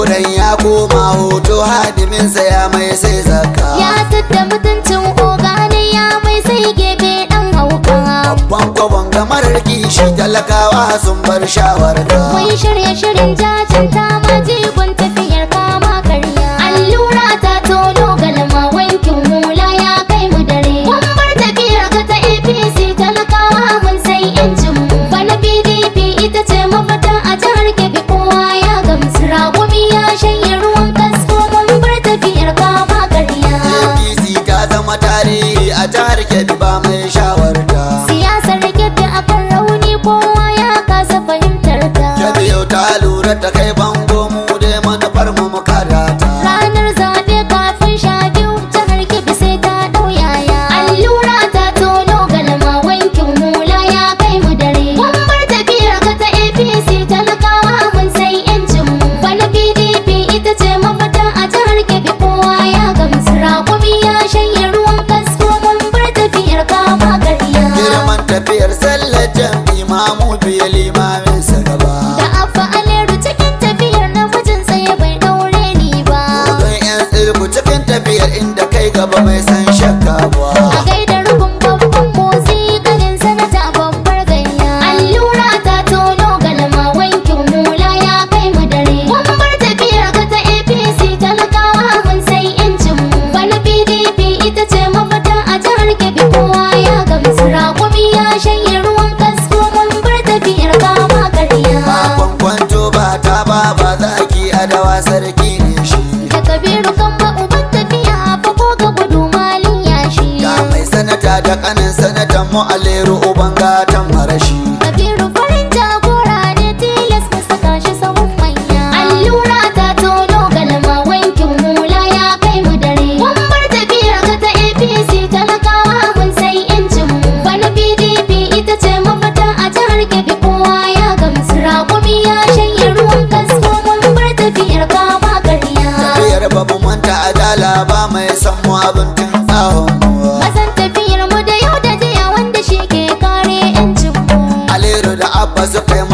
horon ya koma hoto hadiminsa ya mai sai zaka ya tadda mutuncin ne ya mai sai gebe dan hauka babban kwabon gamarar kishi talakawa sun bar shawarka mai shirye shirin jajin mai shawarta siyasar rikibbi akan rauni kowa ya kasa fahimtar ta ta biyo ta lura ta kai bango mu dai manufar mu mu karata biya limamin sa gaba da abba aleru cikin tafiyar na mijin tsaye bai daure ni ba don yan tsirku cikin tafiyar inda kai gaba mai sai dawa sarki ne shi da kabiru kan uban tafiya fa ko ga gudu malin yashi ga mai sanata da kanin sanatan mu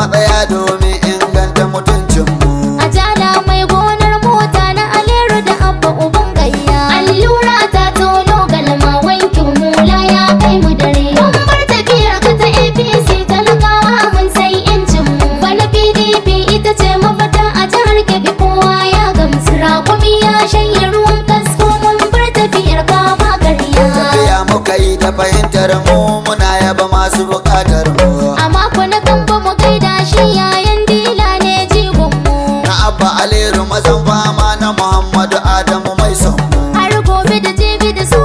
matsaya domin inganta mutuncinmu. A jana mai gonar mota na Aliru da Abba Uban Gayya. Allura ta tono galma wanki Mula ya kai mu dare. Mun bar tafiyar ka ta APC talakawa mun sai mu. Bana PDP ita ce mafata a jihar Kebbi kowa ya gamsu. Rakumi ya shanye ruwan kasko mun bar tafiyar ka ba ƙarya. Tafiya muka yi ta fahimtar mu muna yaba masu buƙatar mu. Aliru mazan fama na muhammadu adamu mai son har gobe da jibi da su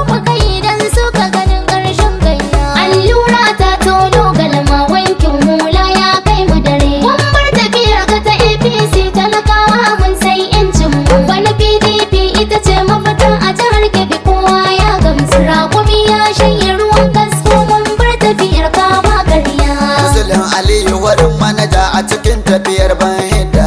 idan suka ganin ƙarshen gayya allura ta tono galma wankin mula ya kai mu dare mun bar tafiyar ka ta apc talakawa mun sai yancin mu wani pdp ita ce mafitan a jihar kebbi kowa ya gamsu rakumi ya shanye ruwan gasko. mun bar tafiyar ka ba gariya musulun aliyu warin manaja a cikin tafiyar ban hidda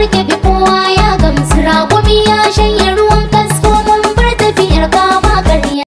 trying to get